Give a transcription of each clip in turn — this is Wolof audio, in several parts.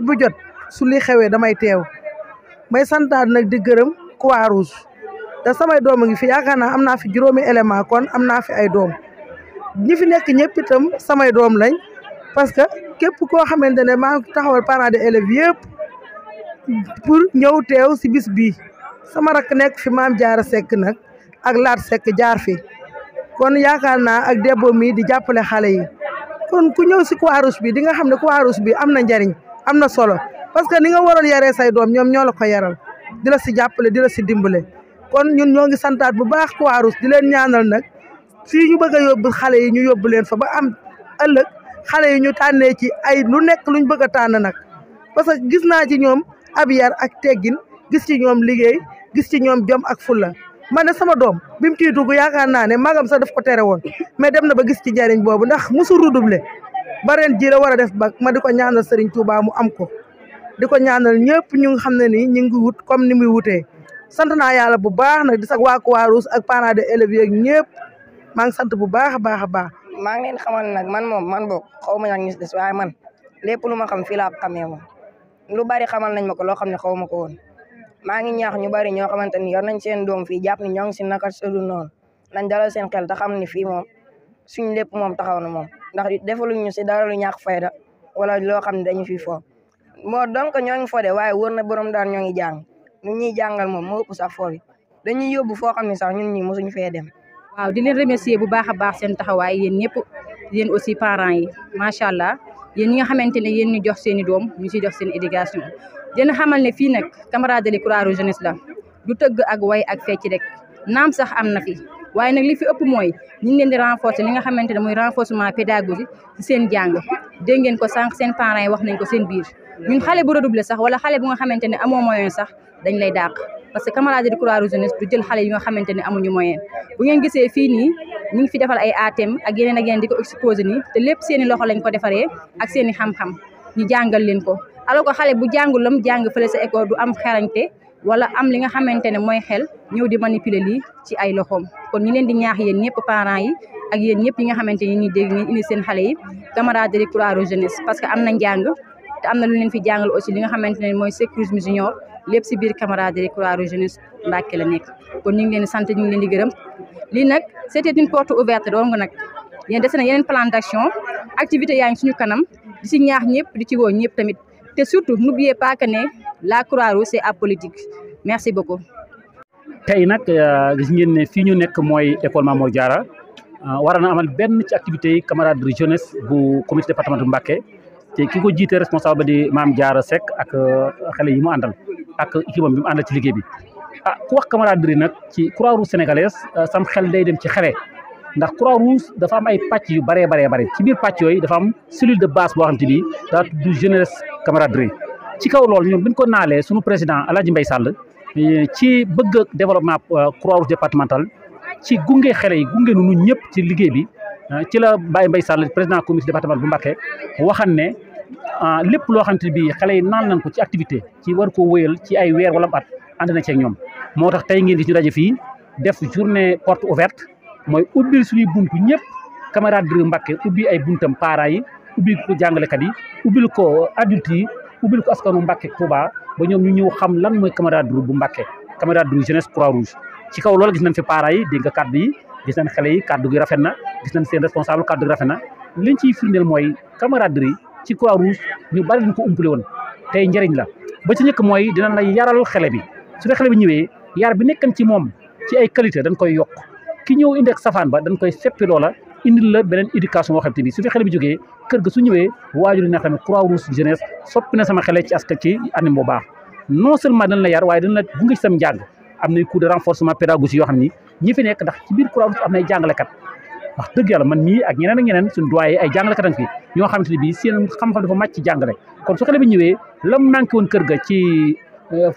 bu jot su li xewee damay teew may santaat nag di gërëm Croix-Rouge te samay doom a ngi fi yaakaar naa am naa fi juróomi élément kon am naa fi ay doom ñi fi nekk ñëpp itam samay doom lañ parce que képp koo xamante ne maa ngi taxawal parents d'élèves yëpp pour ñëw teew si bis bii sama rakk nekk fi maam jaar sekk nag ak laat sekk jaar fi kon yaakaar naa ak debbo mi di jàppale xale yi kon ku ñëw si Croix-Rouge bi di nga xam ne Croix-Rouge bi am na njariñ am na solo parce que ni nga waroon yaree say doom ñoom ñoo la ko yaral dina si jàppale dina si dimbale kon ñun ñoo ngi santaat bu baax Croix-Rouge ñaanal nag fii ñu bëgg a xale yi ñu yóbbu leen fa ba am ëllëg xale yi ñu tànnee ci ay lu nekk luñ bëgg a tànn nag parce que gis naa ci ñoom ab yar ak teggin gis ci ñoom liggéey gis ci ñoom jom ak fulla man ne sama doom bi mu ciy dugg yaakaar naa ne magam sax def ko tere woon mais dem na ba gis ci njariñ boobu ndax musu redoublé ba ren ji war a def ba ma di ko ñaanal Serigne Touba mu am ko di ko ñaanal ñëpp ñu nga xam ne ni ñu ngi wut comme ni muy wutee sant na yàlla bu baax na di sax waa croix a ak parents d'élèves yeeg ñëpp maa ngi sant bu baax a baax a baax. maa ngi leen xamal nag man moom man boog xaw ma ñàkk ñu des waaye man lépp lu ma xam fii laa xamee moom lu bari xamal nañ ma ko loo xam ne xaw ma ko woon maa ngi ñaax ñu bari ñoo xamante ni yor nañ seen doom fii jàpp ni ñoo ngi si naka sëdu noonu nañ dalal seen xel te xam ni fii moom. suñ lépp moom taxaw na moom ndax defalu ñu si dara lu ñàkk fayda wala loo xam ne dañu fi fo moo donc ñoo ngi fo de waaye wër na borom daal ñoo ngi jàng ñu ñuy jàngal moom moo ëpp sax foo bi dañuy yóbbu foo xam ne sax ñun ñi mosuñu fee dem. waaw dina leen bu baax a baax seen taxawaay yéen ñëpp yéen aussi parent yi macha allah yéen ñi nga xamante ne yéen ñu jox seen i doom ñu si jox seen éducation dina xamal ne fii nag camarade de Croix-Rouge jeunesse la du tëgg ak way ak fecc rek naam sax am na fi. waaye nag li fi ëpp mooy ñu ngi leen di renforcer li xamante ne mooy renforcement pédagogique ci seen jàng dégg ngeen ko sànq seen parents yi wax nañ ko seen biir ñun xale bu redoublé sax wala xale bu nga xamante ne amoo moyen sax dañ lay dàq parce que camaraderie de Croix-Rouge jeunesse du jël xale yi nga xamante ne amuñu moyen bu ngeen gisee fii nii ñu ngi fi defal ay ATM a yeneen ak yeneen di ko exposé nii te lép seeni i lañ ko defaree ak seen xam-xam ñu jàngal leen ko alors que xale bu jàngul lam jàng fële sa école du am xarañte wala am li nga xamante ne mooy xel ñëw di manipuler lii ci ay loxoom kon ñu leen di ñaax yéen ñëpp parents yi ak yéen ñëpp yi nga xamante ne nii dégg ngeen indi seen xale yi camaraderie Croix-Rouge jeunesse que am na njàng am na lu leen fi jàngal aussi li nga xamante ne mooy secourisme junior lépp si biir camaraderie Croix-Rouge kon ñu ngi leen di sant ñu ngi leen di gërëm lii nag c'était une porte ouverte donc nag yéen des na yeneen plan d'action activité yaa ngi suñu kanam di si ñaax ñëpp di ci woo ñëpp tamit te surtout n'oubliez pas que ne la Croix-Rouge apolitique merci beaucoup. tey nag euh, gis ngeen ne fii ñu nekk mooy école Mamour Diarra euh, war na amal benn ci activité yi camaraderie jeunesse bu comité départemental Mbacké te ki ko jiite responsable di maam Diarra sekk ak euh, xale yi mu àndal ak équipe bi mu àndal ci liggéey bi. ah ku wax camaraderie nag ci Croix-Rouge sénégalaise sam xel day dem ci xale ndax Croix-Rouge dafa am ay pàcc yu bëree baree bëri ci biir pàcc yooyu dafa am cellule de base boo xam ni daa tudd jeunesse ci kaw loolu ñun bu ñu ko naalee suñu président El Hadj Mbaye Sall eh, ci bëgg développement euh, Croix-Rouge départemental ci gunge xale yi gunge nu ñëpp ci liggéey bi eh, ci la Baye Mbaye Sall président comité départemental bu Mbacké waxan ne eh, lépp loo xamante ne bii xale yi naan nañ ko ci activité ci war ko wéyal ci ay weer wala at ànd na ci ñoom moo tax tey ngeen gis ñu daje fii def journée porte ouverte mooy ubbil suñuy buntu ñëpp camarade bi Mbacké ubbi ay buntam parents yi ubbil ko jàngalekat yi ubbil ko adultes yi ubbil ko askanu Mbacke Touba ba ñoom ñu ñëw xam lan mooy camaraderie bu Mbacke camaraderie jeunesse croix rouge ci kaw loolu gis nañ fi parents yi kàddu yi gis nañ xale yi kàddu gi rafet na gis nañ seen responsable kàddu gi rafet na liñ ciy firndeel mooy camaraderie ci croix rouge ñu bari lañ ko umpale tey njëriñ la ba ci njëkk mooy dinañ la yaral xale bi su dee xale bi ñëwee yar bi nekkan ci moom ci ay qualité dañ koy yokk ki ñëw indi ak safaan ba dañ koy seppi loola indil la beneen éducation boo xam te bi su fi xale bi jógee kër ga su ñëwee waajur yi ne tamit soppi na sama xale ci askan ci anam bu baax non seulement dañ la yar waaye dañ la gunge ci sam njàng am nay coup de renforcement pédagogique yoo xam ni ñi fi nekk ndax ci biir croix am man mii ak ñeneen ak ñeneen suñu doyen ay jàngalekat a ne bii seen xam-xam dafa màcc ci jàngale kon su xale bi ñëwee la mu manqué woon kër ga ci euh,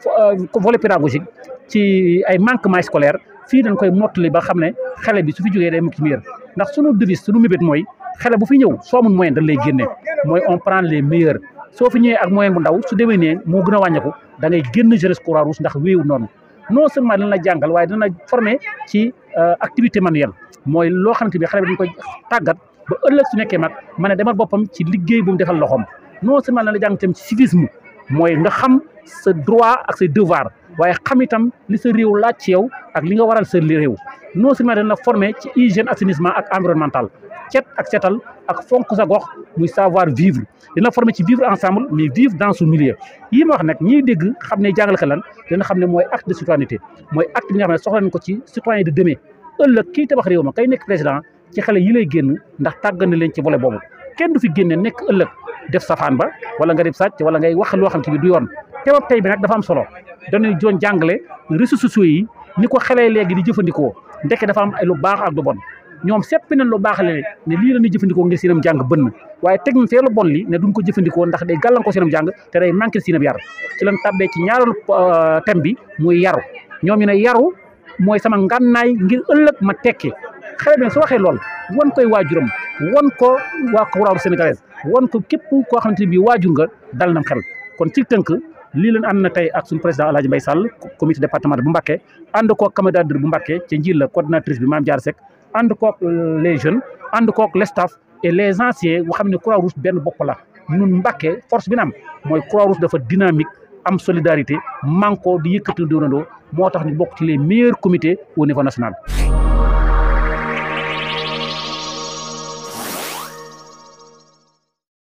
volet pédagogique ci ay manquement scolaire fii dañ koy mottali ba xam ne xale bi su fi jógee day mucc miir ndax sunu devise sunu mébét mooy xale bu fi ñëw soo amul moyen dañ lay génne mooy on prend les meilleurs soo fi ñëwee ak moyen bu ndaw su demee nee moo gën a wàññeeku da ngay génn jeunesse croix rouge ndax wéewu noonu non seulement dana la jàngal waaye dana la former ci euh, activité manuelle mooy loo xamante bi xale bi dañ koy tàggat ba ëllëg su nekkee mag mën a demal boppam ci liggéey bu mu defal loxoom non seulement dana la jàng tam ci civisme mooy nga xam sa droit ak say devoir waaye xam itam li sa réew laaj ci yow ak li nga waral sa réew non seulement dana formé ci hygiène assainissement ak environnemental cet ak setal ak fonk sa gox muy savoir vivre dina formé ci vivre ensemble mais vivre dans son milieu yi ma wax nag ñi dégg xam ne jàngal ka lan dina xam ne mooy acte de citoyenneté mooy acte bi nga xam ne soxla nañ ko ci citoyen de demain ëllëg kii tabax réew ma kay nekk président ci xale yi lay génn ndax tàggat na leen c volet boobu kenn du fi génne nekk ëllëg def safaan ba wala nga def sàcc wala ngay wax loo xam ci bi du yoon teewab tey bi nag dafa am solo dañuy joon jàngale réseaux sociaux yi ni ko xelee léegi di jëfandikoo ndeke dafa am ay lu baax ak lu bon ñoom seppi nañ lu baax le ne lii la ñuy jëfandikoo ngir seenam jàng bënn waaye teg nañ fee lu bon li ne duñ ko jëfandikoo ndax day gàllankoo seenam jàng te day manqué seenam yar ci lañ tàbbee ci ñaareelu euh, thème bi muy yaru ñoom ñu ne yaru mooy sama ngànnaay ngir ëllëg ma tekke xale bi nag su waxee lool won koy waajuram won ko waa ko sénégalaise won ko képp koo xamante ne bii waajur nga dal nam xel lii leen ànd na tey ak suñu président El Hadj Mbaye Sall comité départemental bu Mbacké ànd koog candidature bu Mbacké ca njiit bi Mame Diarra Seck ànd koog les jeunes ànd koog le staff et les anciens nga xam ne Croix benn bopp la ñun Mbacké force bi na mooy Croix Rouge dafa dynamique am solidarité manko di yëkkati doonandoo moo tax ñu bokk ci les meilleurs comités au niveau national.